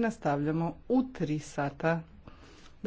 nastavljamo u 3 sata.